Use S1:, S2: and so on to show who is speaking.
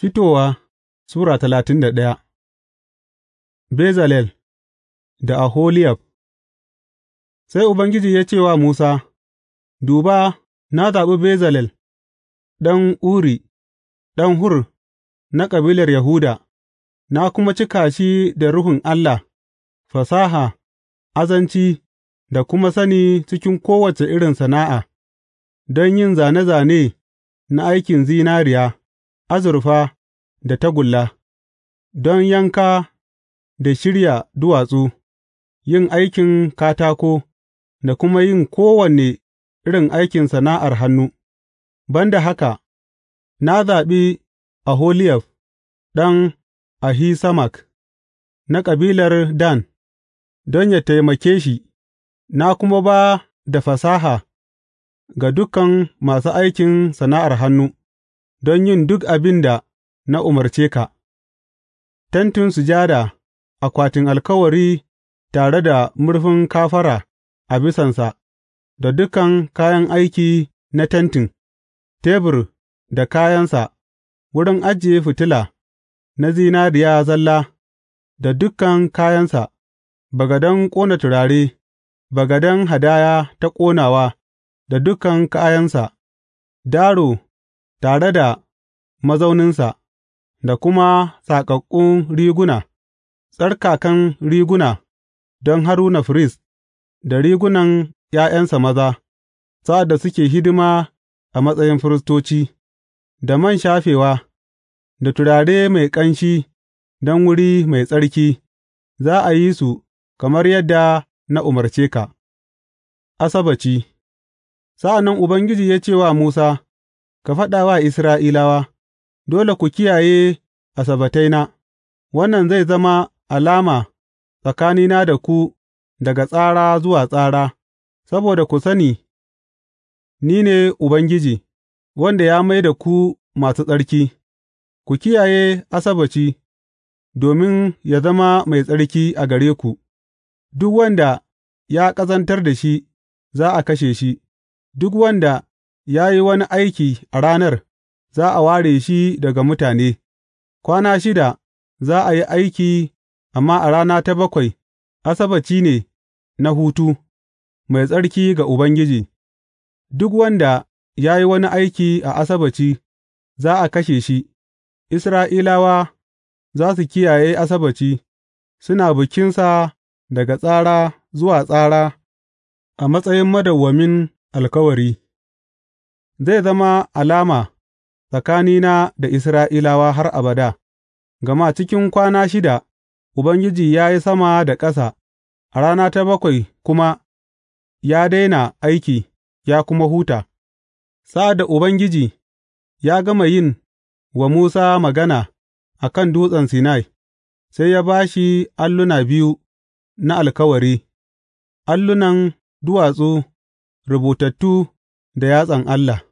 S1: Fitowa Sura talatin da ɗaya. Bezalel da Aholiyab Sai Ubangiji ya ce wa Musa, Duba, na zaɓi Bezalel ɗan Uri, ɗan Hur na kabilar Yahuda, na kuma cika shi da Ruhun Allah, fasaha, azanci da kuma sani cikin kowace irin sana'a, don yin zane zane na aikin zinariya. azurfa da tagulla, don yanka da shirya duwatsu, yin aikin katako da kuma yin kowane irin aikin sana'ar hannu, ban da haka, na zaɓi Aholiyaf ɗan Ahisamak na kabilar Dan don yă taimake shi, na kuma ba da fasaha ga dukan masu aikin sana'ar hannu. don yin duk abin da na umarce ka, Tentin Sujada, akwatin alkawari tare da murfin kafara a bisansa, da dukan kayan aiki na tentin, tebur da kayansa, wurin ajiye fitila na zinariya zalla da dukan kayansa, bagaden ƙona turare, bagaden hadaya ta ƙonawa da dukan kayansa, daro tare da mazauninsa, da kuma saƙaƙƙun riguna, tsarkakan riguna don Haruna firist da rigunan ’ya'yansa maza, sa'ad da suke hidima a matsayin firistoci, da man shafewa, da turare mai ƙanshi don wuri mai tsarki, za a yi su kamar yadda na umarce ka. Asabaci. Sa'an nan Ubangiji ya ce wa Musa. Ka faɗa wa Isra'ilawa, Dole ku kiyaye Asabbataina, wannan zai zama alama tsakanina da ku daga tsara zuwa tsara, saboda ku sani ni ne Ubangiji, wanda ya mai da ku masu tsarki, ku kiyaye Asabbaci, domin ya zama mai tsarki a gare ku, duk wanda ya ƙazantar da shi, za a kashe shi, duk wanda ya yi wani aiki a ranar, za a ware shi daga mutane, kwana shida za a yi aiki, amma a rana ta bakwai, Asabaci ne na hutu, mai tsarki ga Ubangiji, duk wanda ya yi wani aiki a asabaci za a kashe shi, Isra'ilawa za su kiyaye asabaci suna bikinsa daga tsara zuwa tsara a matsayin madawwamin alkawari. Zai zama alama tsakanina da Isra'ilawa har abada, gama cikin kwana shida Ubangiji ya yi sama da ƙasa, a rana ta bakwai kuma ya daina aiki ya kuma huta, sa'ad da Ubangiji ya gama yin wa Musa magana a kan Dutsen Sinai, sai ya ba shi alluna biyu na alkawari, allunan duwatsu rubutattu da yatsan Allah.